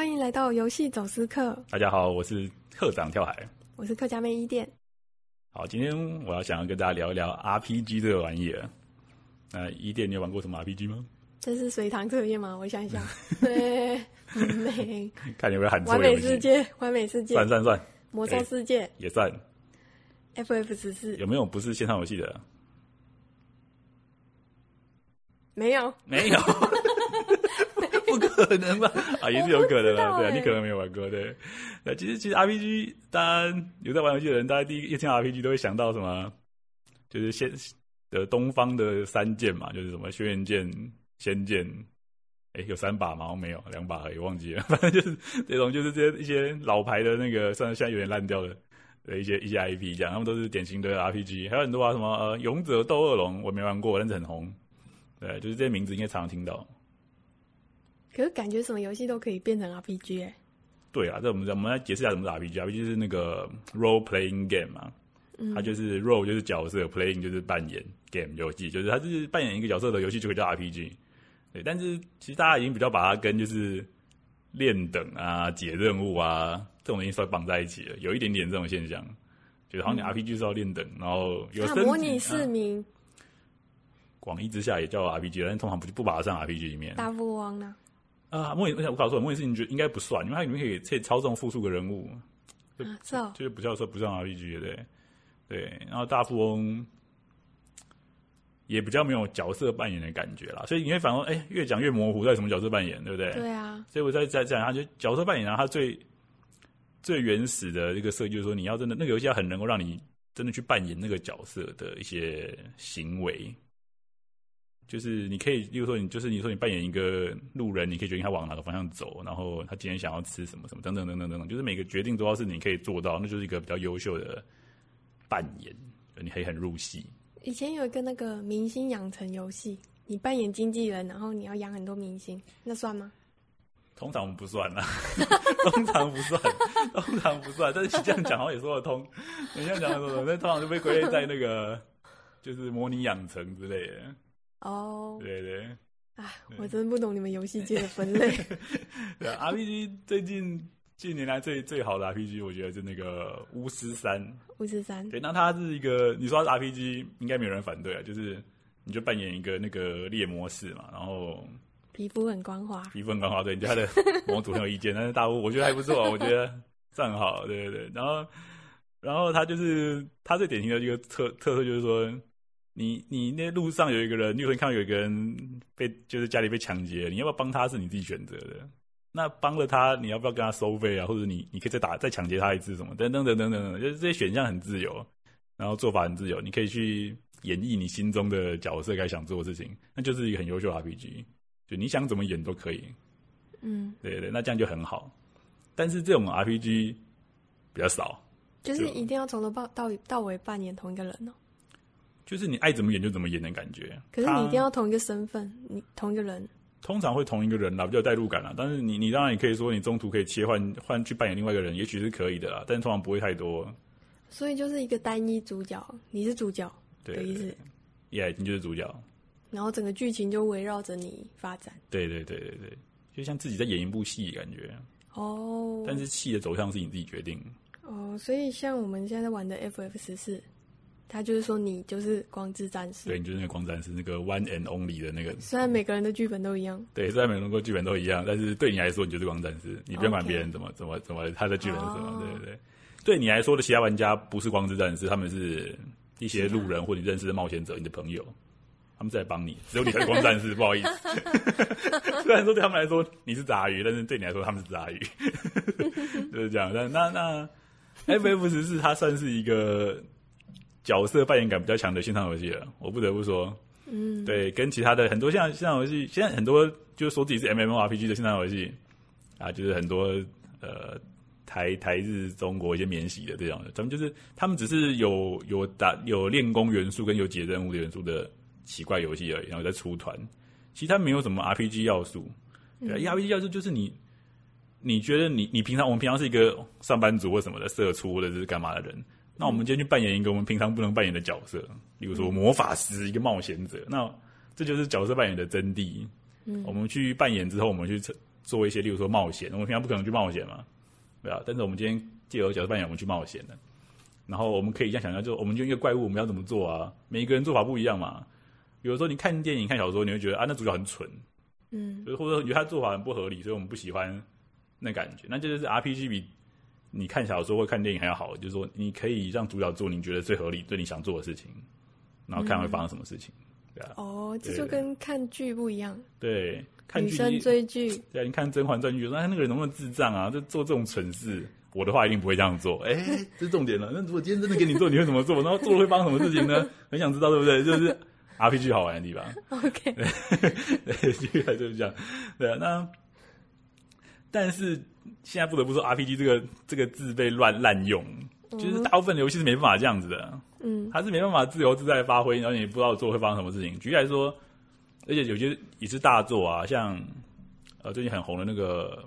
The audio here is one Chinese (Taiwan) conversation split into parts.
歡迎來到遊戲走私客。大家好，我是課長跳海，我是客家妹伊甸。好，今天我要想要跟大家聊一聊 RPG 這個玩意兒。呃，伊甸你有玩過什麼 RPG 嗎？這是隨堂測驗嗎？我想一想， 對，美。 看你會有什麼有？完美世界，完美世界，算算算，魔獸世界、欸、也算。FF 十四。有沒有不是線上遊戲的？沒有，沒有。可能吧，啊，也是有可能的，欸欸、對，你可能沒有玩過，對，那其實其實 RPG，當然有在玩遊戲的人，大家第一一聽 RPG 都會想到什麼？就是仙，呃，東方的三劍嘛，就是什麼軒轅劍、仙劍，哎、欸，有三把嗎？我沒有，兩把也忘記了， 反正就是這種，就是這些一些老牌的那個，算是現在有點爛掉的，呃，一些一些 IP，這樣他們都是典型的 RPG，還有很多啊，什麼呃勇者鬥惡龍，我沒玩過，但是很紅，對，就是這些名字應該常常聽到。可是感覺什麼遊戲都可以變成 RPG 哎、欸，對啊，這我們我們來解釋一下什麼是 RPG。RPG 就是那個 role playing game 嘛，嗯、它就是 role 就是角色，playing 就是扮演 game 遊戲，就是它就是扮演一個角色的遊戲就可以叫 RPG。對，但是其實大家已經比較把它跟就是練等啊、解任務啊這種東西說綁在一起了，有一點點這種現象，就好像你 RPG 是要練等，嗯、然後有、啊、模擬市民，啊、廣義之下也叫 RPG，但通常不就不把它上 RPG 裡面。大富翁呢？啊，莫言，我想我搞錯了。莫言，是你覺得應該不算，因為它裡面可以可以操縱複數個人物，啊，造、嗯，是哦、就是不叫做不像 RPG 對，對。然後大富翁也比較沒有角色扮演的感覺啦，所以你會反而哎越講越模糊，在什麼角色扮演，對不對？對啊。所以我在在講它，他就角色扮演，啊，他它最最原始的一個設計，就是說你要真的那個遊戲要很能夠讓你真的去扮演那個角色的一些行為。就是你可以，比如說你就是你說你扮演一個路人，你可以決定他往哪個方向走，然後他今天想要吃什麼什麼等等等等等等，就是每個決定都要是你可以做到，那就是一個比較優秀的扮演，就是、你可以很入戲。以前有一個那個明星養成遊戲，你扮演經紀人，然後你要養很多明星，那算嗎？通常不算啦、啊， 通常不算，通常不算，但是你這樣講話也說得通。你 這樣講的話也說得通，那通常就被歸類在那個就是模擬養成之類的。哦，oh, 對，對對，哎、啊，對我真不懂你們遊戲界的分類。 對，RPG 最近近年來最最好的 RPG，我覺得是那個《巫師三》。巫師三，對，那它是一個，你說它是 RPG，應該沒有人反對啊，就是你就扮演一個那個獵魔士嘛，然後皮膚很光滑，皮膚很光滑。對你家的模組很有意見， 但是大巫我覺得還不錯、啊，我覺得算很好，對對對。然後，然後它就是它最典型的一個特特色，就是說。你你那路上有一個人，你有可能看到有一個人被就是家裡被搶劫了，你要不要幫他？是你自己選擇的。那幫了他，你要不要跟他收費啊？或者你你可以再打再搶劫他一次什麼？等等等等等等，就是這些選項很自由，然後做法很自由，你可以去演繹你心中的角色該想做的事情，那就是一個很優秀的 RPG，就你想怎麼演都可以。嗯，對，對對，那這樣就很好。但是這種 RPG 比較少，就是你一定要從頭到到尾扮演同一個人哦。就是你愛怎麼演就怎麼演的感覺。可是你一定要同一個身份，他你同一個人。通常會同一個人，那比較代入感啊。但是你你當然也可以說，你中途可以切換換去扮演另外一個人，也許是可以的啦。但是通常不會太多。所以就是一個單一主角，你是主角的，對對對，意思。Yeah，你就是主角。然後整個劇情就圍繞着你發展。對對對對對，就像自己在演一部戲的感覺哦。嗯、但是戲的走向是你自己決定哦，哦。所以像我們現在，在玩的 FF 十四。他就是說，你就是光之戰士。對，你就是那個光之戰士，那個 one and only 的那個。雖然每個人的劇本都一樣，嗯。對，雖然每個人的劇本都一樣，但是對你來說，你就是光戰士。你不用管別人怎麼 Okay. 怎麼怎麼，他的劇本是什麼，oh. 對不對，對？對你來說的其他玩家不是光之戰士，他們是一些路人，啊、或者你認識的冒險者，你的朋友，他們在幫你。只有你是光戰士， 不好意思。 雖然說對他們來說你是雜魚，但是對你來說他們是雜魚。 就是這樣，但那那 FF 十四，它算是一個角色扮演感比較強的線上遊戲了，我不得不說，嗯，對，跟其他的很多像線上遊戲，現在很多就是說自己是 MMORPG 的線上遊戲啊，就是很多呃台台日中國一些免洗的這種，他們就是他們只是有有打有練功元素跟有解任務元素的奇怪遊戲而已，然後在出團，其他沒有什麼 RPG 要素，對、啊嗯、，因為 RPG 要素就是你你覺得你你平常我們平常是一個上班族或什麼的社畜或者是幹嘛的人。那我們今天去扮演一個我們平常不能扮演的角色，例如說魔法師、一個冒險者。嗯、那這就是角色扮演的真諦。嗯、我們去扮演之後，我們去做一些，例如說冒險。我們平常不可能去冒險嘛，對吧、啊？但是我們今天借由角色扮演，我們去冒險的。然後我們可以一樣想象就，就我們就一個怪物，我們要怎麼做啊？每一個人做法不一樣嘛。有的時候你看電影、看小說，你會覺得啊，那主角很蠢，嗯、就是，或者說覺得他做法很不合理，所以我們不喜歡那感覺。那這就，就是 RPG 比。你看小說或看電影還要好，就是說你可以讓主角做你覺得最合理、最你想做的事情，然後看會發生什麼事情，對吧、啊？哦，這就跟看劇不一樣。對，女生看劇你追劇，對，你看《甄嬛傳》，你覺得哎，那個人能不能智障啊？就做這種蠢事，我的話一定不會這樣做。哎、欸，這是重點了。那如果今天真的給你做，你會怎麼做？然後做了會發生什麼事情呢？很想知道，對不對？就是 RPG 好玩的地方。OK，對，對就是這樣。對、啊，那。但是現在不得不說，RPG 這個這個字被亂濫用，uh huh. 就是大部分遊戲是沒辦法這樣子的，嗯、uh，還、huh. 是沒辦法自由自在發揮，然後你不知道做會發生什麼事情。舉例來說，而且有些也是大作啊，像呃最近很紅的那個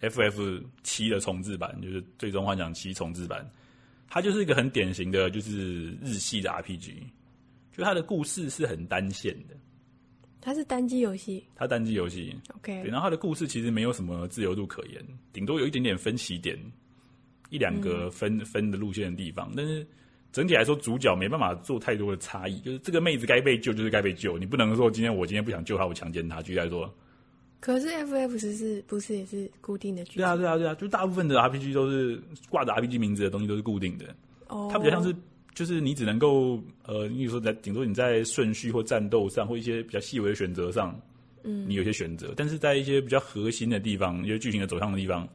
FF 七的重置版，就是《最終幻想七》重置版，它就是一個很典型的就是日系的 RPG，就它的故事是很單線的。它是單機遊戲，它單機遊戲，OK。然後它的故事其實沒有什麼自由度可言，頂多有一點點分歧點，一兩個分、嗯、分的路線的地方。但是整體來說，主角沒辦法做太多的差異，就是這個妹子該被救就是該被救，你不能說今天我今天不想救她，我強姦她。局來說，可是 FF 十四不是也是固定的劇？對啊，對啊，對啊，就大部分的 RPG 都是掛着 RPG 名字的東西都是固定的，它、哦、比較像是。就是你只能夠，呃，你比如說在，頂多你在順序或戰鬥上或一些比較細微的選擇上，嗯，你有些選擇，但是在一些比較核心的地方，一些劇情的走向的地方，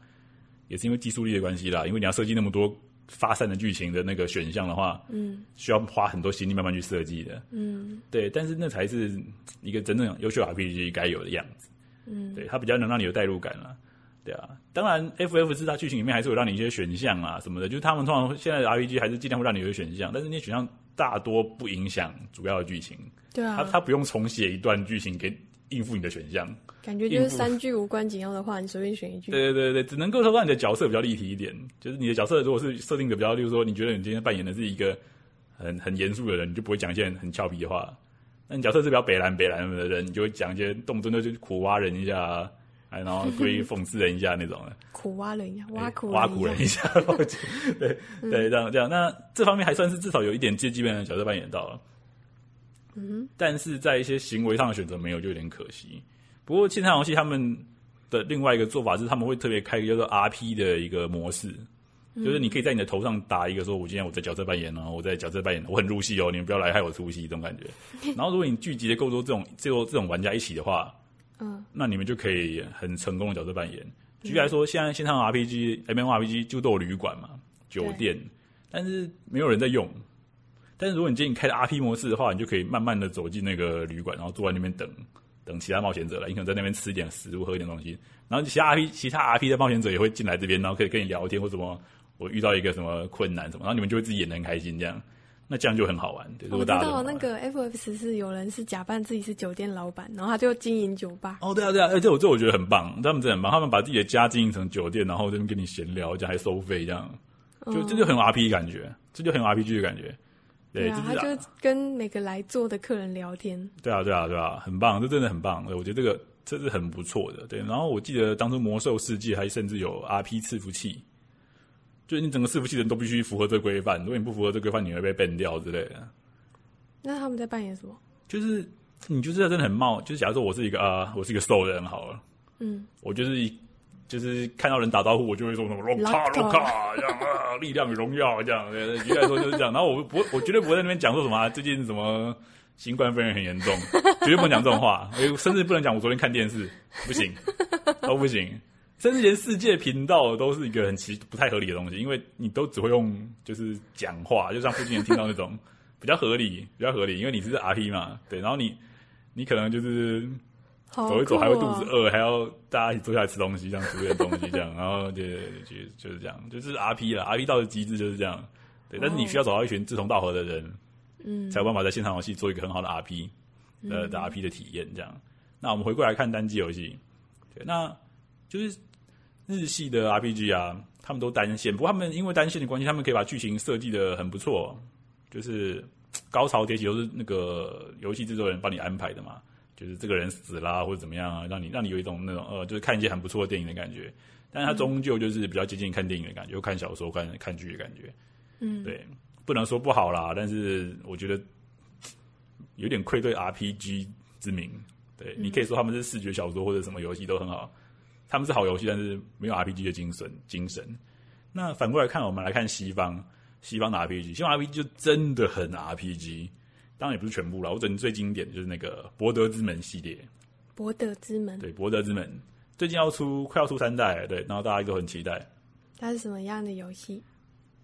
也是因為技術力的關係啦，因為你要設計那麼多發散的劇情的那個選項的話，嗯，需要花很多心力慢慢去設計的，嗯，對，但是那才是一個真正優秀 RPG 該有的樣子，嗯，對，它比較能讓你有代入感啦。對啊，當然，FF 它劇情裡面還是有讓你一些選項啊什麼的，就是他們通常現在的 RPG 還是盡量會讓你有選項，但是你選項大多不影響主要的劇情。對啊，他他不用重寫一段劇情給應付你的選項，感覺就是三句無關緊要的話，你隨便選一句。對對對對，只能夠說讓你的角色比較立體一點。就是你的角色如果是設定的比較，例如說你覺得你今天扮演的是一個很很嚴肅的人，你就不會講一些很俏皮的話。那你角色是比較北藍北藍的人，你就會講一些動不動的就去苦挖人一下啊，然後故意諷刺人一下那種的，苦挖人一下，挖苦挖苦人一下，對、嗯、對，這樣這樣。那這方面還算是至少有一點接近基本的角色扮演到了。嗯，但是在一些行為上的選擇沒有就有點可惜。不過線上遊戲他們的另外一個做法是，他們會特別開一個叫做 R P 的一個模式，嗯、就是你可以在你的頭上打一個說：“我今天我在角色扮演哦，我在角色扮演，我很入戲哦，你們不要來害我出戲這種感覺。”然後如果你聚集的夠多，這種最後這種玩家一起的話。嗯，那你們就可以很成功的角色扮演。舉例來說，現在線上 RPG、MMORPG 就都有旅館嘛，酒店，對但是沒有人在用。但是如果你今天開的 RP 模式的話，你就可以慢慢的走進那個旅館，然後坐在那邊等等其他冒險者來，你可能在那邊吃一點食物，喝一點東西。然後其他 RP 其他 RP 的冒險者也會進來這邊，然後可以跟你聊天或什麼。我遇到一個什麼困難什麼，然後你們就會自己演的很開心這樣。那這樣就很好玩，對不對？我知道、哦、那個 FF14 是有人是假扮自己是酒店老闆，然後他就經營酒吧。哦，對啊，對啊，而且我這我覺得很棒，他們真的很棒，他們把自己的家經營成酒店，然後這邊跟你閒聊，而且還收費，這樣，這樣就、嗯、這就很有 RP 感覺，這就很有 RPG 的感覺，對。對啊、這然後就跟每個來坐的客人聊天對、啊。對啊，對啊，對啊，很棒，這真的很棒，我覺得這個這是很不錯的，對。然後我記得當初魔獸世界還甚至有 RP 伺服器。所以你整個伺服器人都必須符合這規範，如果你不符合這規範，你會被 ban 掉之類的。那他們在扮演什麼？就是你就是這真的很冒，就是假如說我是一個啊、呃，我是一個獸人，好了，嗯，我就是一就是看到人打招呼，我就會說什麼龍卡龍卡這樣啊， 力量與榮耀這樣。一般來說就是這樣。然後我不，我絕對不會在那邊講說什麼、啊、最近什麼新冠肺炎很嚴重， 絕對不能講這種話，甚至不能講我昨天看電視，不行，都不行。甚至連世界頻道都是一個很奇不太合理的東西，因為你都只會用就是講話，就像附近人聽到那種 比較合理比較合理，因為你是 R P 嘛，對，然後你你可能就是走一走，還會肚子餓，啊、還要大家一起坐下來吃東西，這樣吃點東西，這樣，然後就就就是這樣，就是 R P 了，R P 到的機制就是這樣，對，哦、但是你需要找到一群志同道合的人，嗯，才有辦法在現場遊戲做一個很好的 R P，、嗯、呃，R P 的體驗這樣。那我們回過來看單機遊戲，對，那就是。日系的 RPG 啊，他們都單線，不過他們因為單線的關係，他們可以把劇情設計的很不錯，就是高潮迭起都是那個遊戲制作人幫你安排的嘛，就是這個人死了、啊、或者怎麼樣，讓你讓你有一種那種呃，就是看一些很不錯的電影的感覺，但是它終究就是比較接近看電影的感覺，看小說、看看劇的感覺，嗯，對，不能說不好啦，但是我覺得有點愧對 RPG 之名，對、嗯、你可以說他們是視覺小說或者什麼遊戲都很好。他們是好遊戲，但是沒有 R P G 的精神。精神那反過來看，我們來看西方西方的 R P G，西方 R P G 就真的很 R P G。當然也不是全部啦。我整最經典的就是那個柏德之門系列《柏德之門》系列，《柏德之門》對，《柏德之門》最近要出，快要出三代了，對。然後大家都很期待。它是什麼樣的遊戲？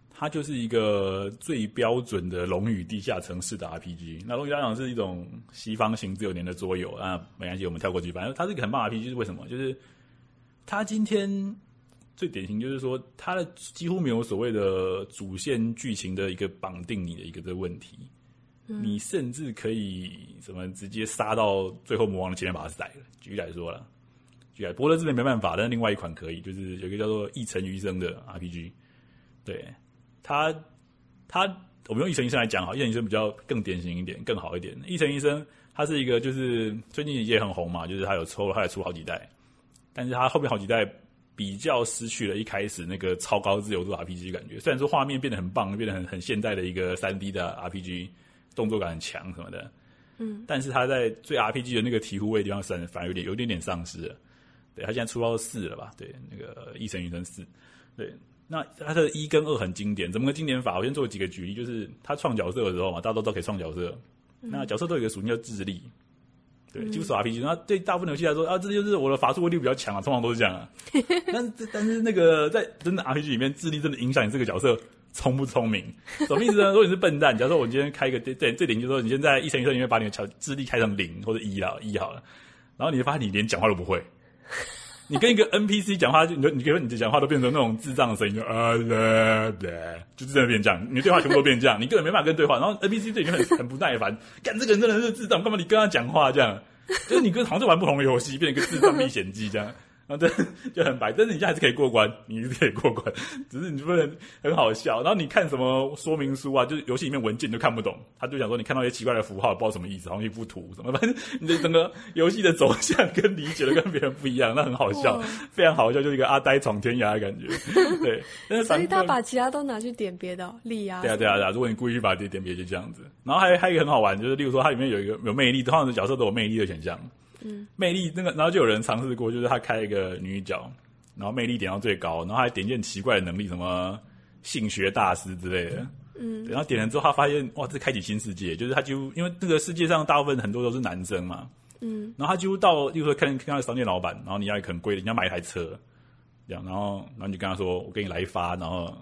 它就是一個最標準的龍與地下城市的 R P G。那龍與地下城是一種西方行之有年的桌遊啊，那沒關係，我們跳過去。反正它是一個很棒 R P G 是為什麼？就是。他今天最典型就是說，他的幾乎沒有所謂的主線劇情的一個綁定，你的一個這個問題，你甚至可以什麼直接殺到最後魔王的前面把他宰了。舉例來說了，舉例，不過這邊沒辦法，但是另外一款可以，就是有一個叫做《異塵餘生》的 RPG，對他他，我們用《異塵餘生》來講好，《異塵餘生》比較更典型一點，更好一點，《異塵餘生》他是一個就是最近也很紅嘛，就是他有抽，它有出好幾代。但是他後面好幾代比較失去了一開始那個超高自由度 RPG 的感覺，雖然說畫面變得很棒，變得很很現代的一個三 D 的 RPG，動作感很強什麼的，嗯，但是他在最 RPG 的那個醍醐味的地方，反而有點有點點喪失了。對，他現在出到四了吧？對，那個《異塵餘生四》。對，那他的一跟二很經典，怎麼個經典法？我先做幾個舉例，就是他創角色的時候嘛，大家都可以創角色，嗯、那角色都有一個屬性叫智力。對，就是 RPG，那對大部分遊戲來說啊，這就是我的法術威力比較強啊，通常都是這樣啊。但是 但是那個在真的 RPG 裡面，智力真的影響你這個角色聰不聰明？什麼意思呢？如果你是笨蛋，假如說我今天開一個對對，這裡就是說你現在一層一層裡面把你的巧智力開成零或者一啦，一好了，然後你就發現你連講話都不會。 你跟一個 NPC 講話，就你說，你比如說你講話都變成那種智障的聲音，就啊啦啦、呃呃呃，就這樣變這樣，你的對話全部都變這樣，你根本沒辦法跟對話。然後 NPC 自己就很很不耐煩，幹這個人真的是智障，幹嘛你跟他講話這樣？就是你跟，好像在玩不同的遊戲，變成一個智障歷險記這樣。啊，對， 就很白，但是你現在還是可以過關，你是可以過關，只是你就不能很好笑。然後你看什麼說明書啊，就是遊戲裡面文件你都看不懂，他就想說你看到一些奇怪的符號，不知道什麼意思，好像一幅圖什麼，反正你的整個遊戲的走向跟理解的跟別人不一樣，那很好笑，oh. 非常好笑，就是一個阿呆闖天涯的感覺，對。 所以他把其他都拿去點別的，哦，力壓、啊。對啊對啊對啊，如果你故意去把自己點別的，就這樣子。然後還還有一個很好玩，就是例如說它裡面有一個有魅力，通常角色都有魅力的選項。嗯，魅力那個，然後就有人嘗試過，就是他開一個女角，然後魅力點到最高，然後他還點一件奇怪的能力，什麼性學大師之類的，嗯，嗯，然後點了之後，他發現哇，這開啟新世界，就是他幾乎因為這個世界上大部分很多都是男生嘛，嗯，然後他幾乎到，例如說看看商店老闆，然後你要很貴的，你要買一台車，這樣，然後然後你就跟他說，我給你來一發，然後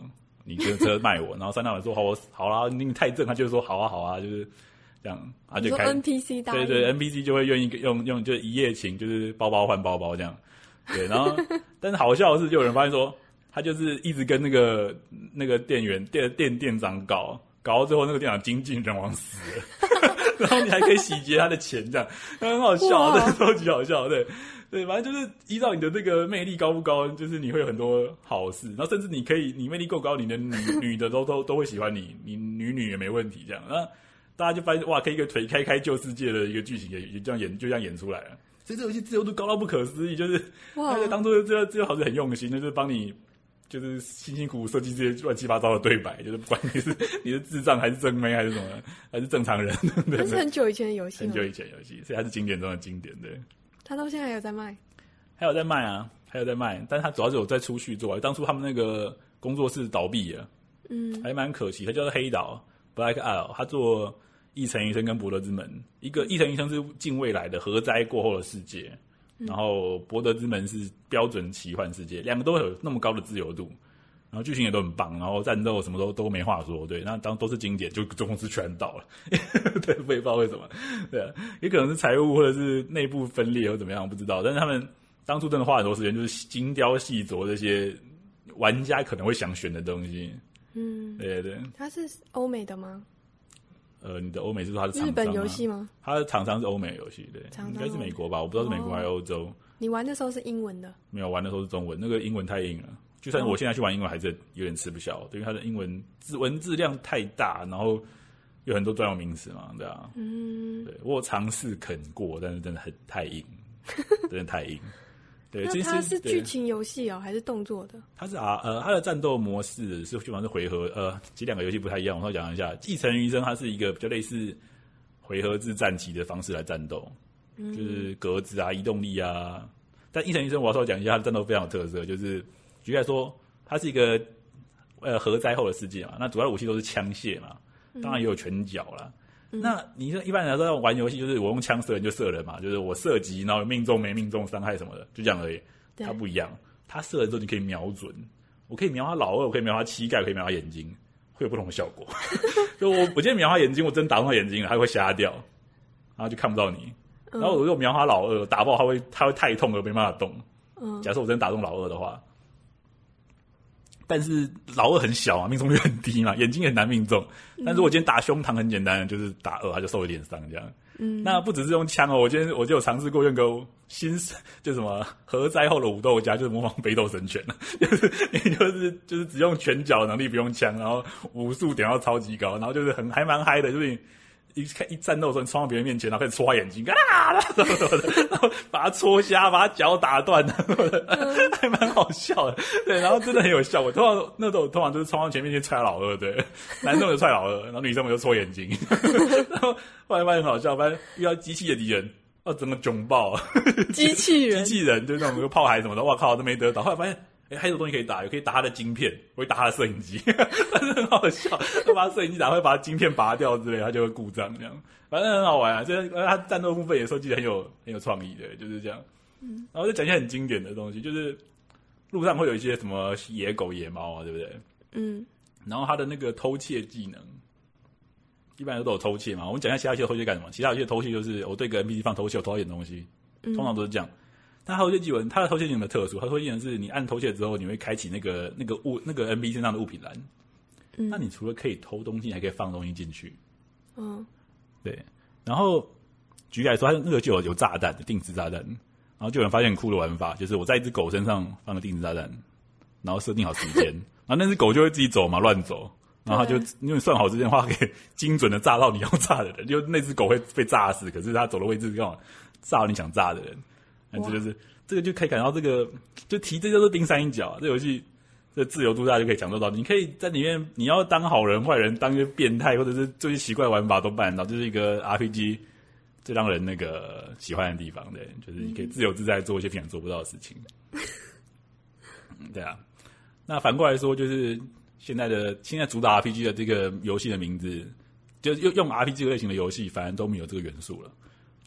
你這車賣我， 然後三大板說好，我好啦，你太正，他就說好啊，好啊，就是。這樣，他、啊、就開始對對，對 N P C 就會願意用用，就是一夜情，就是包包換包包這樣。對，然後但是好笑的是，就有人發現說，他就是一直跟那個那個店員、店店店長搞搞到最後，那個店長精盡人亡死了。 然後你還可以洗劫他的錢，這樣，那很好笑，哇這時候好笑，對對，反正就是依照你的這個魅力高不高，就是你會有很多好事，然後甚至你可以，你魅力夠高，你的女女的都都都會喜歡你，你女女也沒問題，這樣，大家就發現哇，可以一個腿開開舊世界的一個劇情也也這樣演，就這樣演出來了。所以這遊戲自由度高到不可思議，就是他在哇當初這這好像很用心，就是幫你就是辛辛苦苦設計這些亂七八糟的對白，就是不管你是 你是智障還是正妹還是什麼，還是正常人， 還是很久以前的遊戲，很久以前的遊戲，所以還是經典中的經典。對，他到現在還有在賣，還有在賣啊，還有在賣。但是他主要是有在出續作，當初他們那個工作室倒閉了，嗯，還蠻可惜。他叫做黑島。Black Isle 他做《異塵餘生》跟《柏德之門》，一個《異塵餘生》是近未來的核災過後的世界，然後《柏德之門》是標準奇幻世界，兩個都有那麼高的自由度，然後劇情也都很棒，然後戰鬥什麼都都沒話說，對，那當都是經典，就公司全倒了， 對，我也不知道為什麼，對，也可能是財務或者是內部分裂或怎麼樣，不知道，但是他們當初真的花很多時間，就是精雕細琢這些玩家可能會想選的東西。嗯，對，對對，它是歐美的嗎？呃，你的歐美是說它是，啊、日本遊戲嗎？它的廠商是歐美遊戲，對，廠商 應該是美國吧？哦、我不知道是美國還是歐洲。你玩的時候是英文的？沒有，玩的時候是中文。那個英文太硬了，就算我現在去玩英文，哦、還是有點吃不消，因為它的英文字、文字量太大，然後有很多專有名詞嘛，對吧，啊？嗯，對，我有嘗試啃過，但是真的很太硬，真的太硬。 對，那它是劇情遊戲哦，還是動作的？它是啊，呃，它的戰鬥模式是基本上是回合，呃，這兩個遊戲不太一樣。我稍微講一下，《繼承餘生異塵餘生》它是一個比較類似回合制戰棋的方式來戰鬥，就是格子啊、移動力啊。嗯、但《異塵餘生》我要稍微講一下，它的戰鬥非常有特色，就是舉例來說，它是一個呃核災後的世界嘛，那主要的武器都是槍械嘛，當然也有拳腳啦。嗯那你說一般來說玩遊戲就是我用槍射人就射人嘛，就是我射擊，然後命中沒命中傷害什麼的就這樣而已。他不一樣，他射人時候你可以瞄準，我可以瞄他老二，我可以瞄他膝蓋，可，可以瞄他眼睛，會有不同的效果。 就我我今天瞄他眼睛，我真打中他眼睛了，他會瞎掉，然後就看不到你。然後如果瞄他老二打爆，他會他會太痛了，沒辦法動。嗯，假設我真的打中老二的話。但是老二很小啊，命中率很低嘛，眼睛也很難命中。但是我今天打胸膛很簡單，嗯、就是打呃，他就受了一點傷這樣。嗯，那不只是用槍哦，我今天我就有嘗試過用個新就什麼核災後的武鬥家，就是模仿北斗神拳， 就是也就是就是只用拳腳能力，不用槍，然後武術點要超級高，然後就是很還蠻嗨的，就是。一看一戰鬥的時候，你衝到別人面前，然後開始戳眼睛，啊啦啦，什麼什麼的，然後把他戳瞎，把他腳打斷的，對對嗯、還蠻好笑的。對，然後真的很有效果。通常那時候我通常就是衝到前面去踹老二，對，男生我就踹老二，然後女生我就戳眼睛。 然後後來發現很好笑，發現遇到機器的敵人，整個囧爆了，機器人，機 器人，就那種個炮台什麼的，我靠，都沒得打後來發現。哎、欸，還有東西可以打，也可以打他的晶片，會打他的攝影機， 但是很好笑，把攝、會把攝影機打壞，把晶片拔掉之類，它就會故障，這樣，反正很好玩啊。這他戰鬥部分也設計的很有很有創意的，就是這樣。嗯、然後就講一些很經典的東西，就是路上會有一些什麼野狗、野貓啊，對不對？嗯，然後他的那個偷竊技能，一般都都有偷竊嘛。我們講一下其他一些偷竊幹什麼？其他一些偷竊就是我對一個 NPC 放偷竊，我偷一點東西，通常都是這樣。嗯那偷竊技能，它的偷竊技能有沒有特殊？它偷竊技是，你按偷竊之後，你會開啟那個那個物那個 NPC 身上的物品欄。嗯、那你除了可以偷東西，還可以放東西進去。嗯、哦，對。然後舉例來說，它那個就有有炸彈的定時炸彈。然後就有人發現很酷的玩法，就是我在一隻狗身上放個定時炸彈，然後設定好時間， 然後那隻狗就會自己走嘛，亂走。然後他就對因為算好時間的話，可以精準的炸到你要炸的人，就那隻狗會被炸死，可是它走的位置剛好炸你想炸的人。這就是哇這個就可以感到這個，就提這就是冰山一角啊。這遊戲這個自由度大家就可以享受到，你可以在裡面，你要當好人、壞人、當一個變態，或者是做一些奇怪玩法都辦得到。這就是一個 RPG 最讓人那個喜歡的地方，對，就是你可以自由自在做一些平常做不到的事情。 嗯、對啊，那反過來說，就是現在的現在主打 RPG 的這個遊戲的名字，就是用用 RPG 類型的遊戲，反而都沒有這個元素了。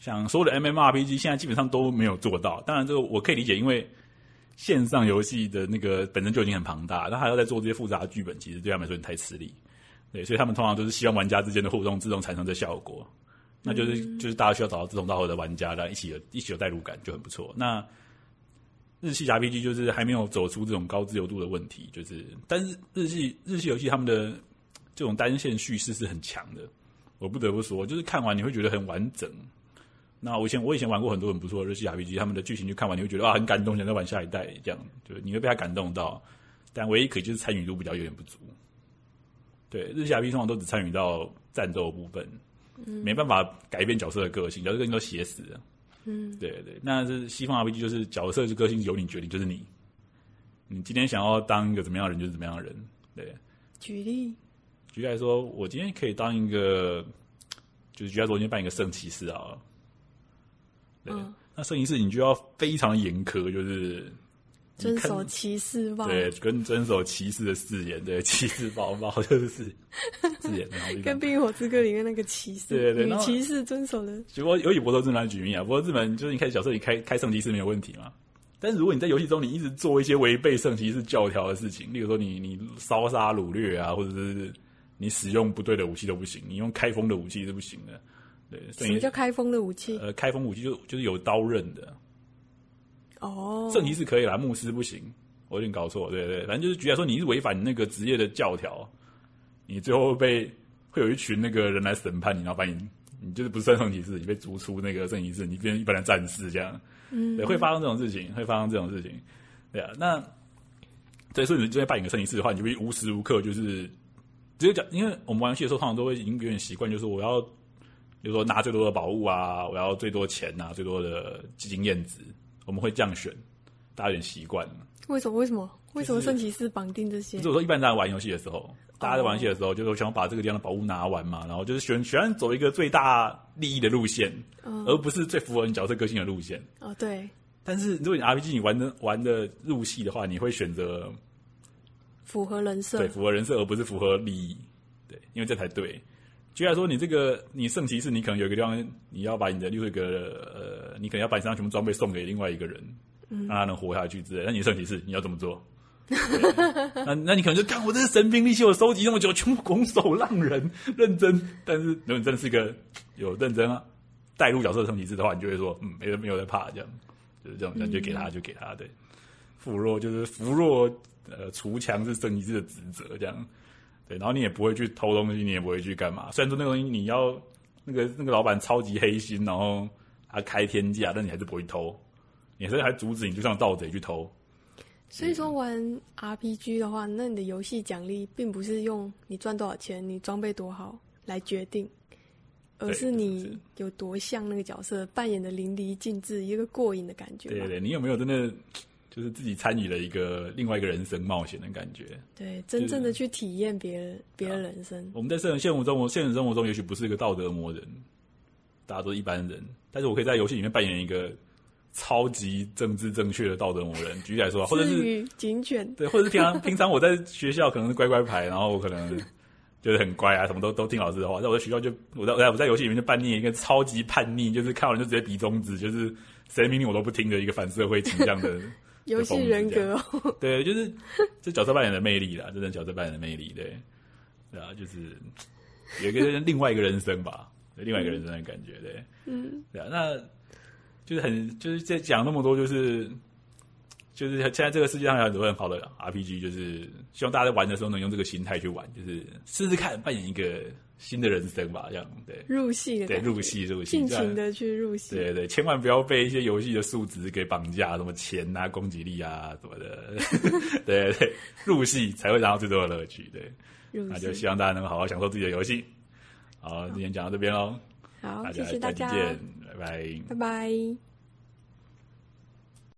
像所有的 MMORPG 現在基本上都沒有做到，當然這個我可以理解，因為線上遊戲的那個本身就已經很龐大，那還要再做這些複雜的劇本，其實對他們來說很太吃力。對，所以他們通常都是希望玩家之間的互動自動產生這效果，那就是就是大家需要找到志同道合的玩家，來一起有一起有代入感就很不錯。那日系 RPG 就是還沒有走出這種高自由度的問題，就是但是日系日系遊戲他們的這種單線敘事是很強的，我不得不說，就是看完你會覺得很完整。那我以前我以前玩過很多很不錯的日系 RPG，他們的劇情就看完，你會覺得啊，很感動，想再玩下一代這樣，對，你會被他感動到。但唯一可以就是參與度比較有點不足。對，日系 RPG 通常都只參與到戰鬥部分，嗯、沒辦法改變角色的個性，角色個性都寫死的。嗯，對,對對，那是西方 RPG 就是角色是個性由你決定，就是你，你今天想要當一個怎麼樣的人就是怎麼樣的人。對，舉例，舉例來說，我今天可以當一個，就是舉例來說，我今天扮一個聖騎士啊。對。那聖騎士你就要非常嚴苛，就是遵守騎士對，跟遵守騎士的誓言，對，騎士抱抱，就是跟《冰與火之歌》裡面那個騎士，對對對，女騎士遵守其之的。不過由於柏德之門舉例啊，柏德之門就是你開始小時候，你開開聖騎士沒有問題嘛。但是如果你在遊戲中，你一直做一些違背聖騎士教條的事情，例如說你你燒殺擄掠啊，或者是你使用不對的武器都不行，你用開封的武器是不行的。對，什麼叫開封的武器？呃，開封武器就就是有刀刃的。哦，聖騎士可以啦，牧師不行。我有點搞錯，對，對對。反正就是舉例來說，你是違反那個職業的教條，你最後被會有一群那個人來審判你，然後把你，你就是不是聖騎士，你被逐出那個聖騎士，你變成一般的戰士這樣。嗯、mm-hmm. 對，會發生這種事情，會發生這種事情，對啊。那對，所以你這邊扮演個聖騎士的話，你就會無時無刻就是直接講，因為我們玩遊戲的時候，通常都會已經有點習慣，就是我要。比如說拿最多的寶物啊，我要最多錢啊，最多的經驗值，我們會這樣選，大家有點習慣了。為什麼？為什麼？為什麼聖騎士綁定這些？就是，是說，一般在玩遊戲的時候，大家在玩遊戲的時候，哦、就是我想把這個地方的寶物拿完嘛，然後就是選喜歡走一個最大利益的路線，哦、而不是最符合你角色個性的路線。哦，對。但是如果你 RPG 你玩的玩的入戲的話，你會選擇符合人設，對，符合人設，而不是符合利益，對，因為這才對。就像來說，你這個你聖騎士，你可能有一個地方，你要把你的另外格，個呃，你可能要把你身上全部裝備送給另外一個人，嗯、讓他能活下去之類。那你聖騎士，你要怎麼做？ 那，那你可能就看我這是神兵利器，我收集那麼久，全部拱手讓人，認真。但是如果你真的是一個有認真啊，帶入角色的聖騎士的話，你就會說，嗯，沒有沒有在怕，這樣就是這種，那就給他、嗯、就給他，對。扶弱就是扶弱，呃，除強是聖騎士的職責，這樣。然後你也不會去偷東西，你也不會去幹嘛。雖然說那個東西你要那個那個老闆超級黑心，然後他開天價，但你還是不會偷，你還是還阻止你，就像盜賊去偷。所以說玩 RPG 的話，那你的遊戲獎勵並不是用你賺多少錢、你裝備多好來決定，而是你有多像那個角色扮演的淋漓盡致，一個過癮的感覺。對對，你有沒有真的？就是自己參與了一個另外一個人生冒險的感覺，對，真正的去體驗別人別人、就是啊、人生。我們在現實生活中，現實生活中也許不是一個道德魔人，大家都一般人，但是我可以在遊戲裡面扮演一個超級政治正確的道德魔人。舉例來說，或者是警犬，對，或者是平常平常我在學校可能是乖乖牌，然後我可能就是很乖啊，什麼都都聽老師的話。在我在學校就我在我在我在遊戲裡面就扮演一個超級叛逆，就是看到人就直接比中指，就是誰命令我都不聽的一個反社會傾向的。 遊戲人格、喔、對，就是這角色扮演的魅力啦，真 的角色扮演的魅力，對，然後、啊、就是有一個人另外一個人生吧，有 另外一個人生的感覺，對，嗯，對啊，那就是很就是在講那麼多，就是就是現在這個世界上有很多很好的 RPG，就是希望大家在玩的時候能用這個心態去玩，就是試試看扮演一個。.新的人生吧，這樣對，戲，對。入戲，對，入戲入戲，盡情的去入戲。對對，對，千萬不要被一些遊戲的數值給綁架，什麼錢啊、攻擊力啊什麼的。 對，對對，入戲才會拿到最多的樂趣。對，入戲，那就希望大家能好好享受自己的遊戲。好，好，今天講到這邊嘍。好，家謝謝大家，拜拜，拜拜。拜拜。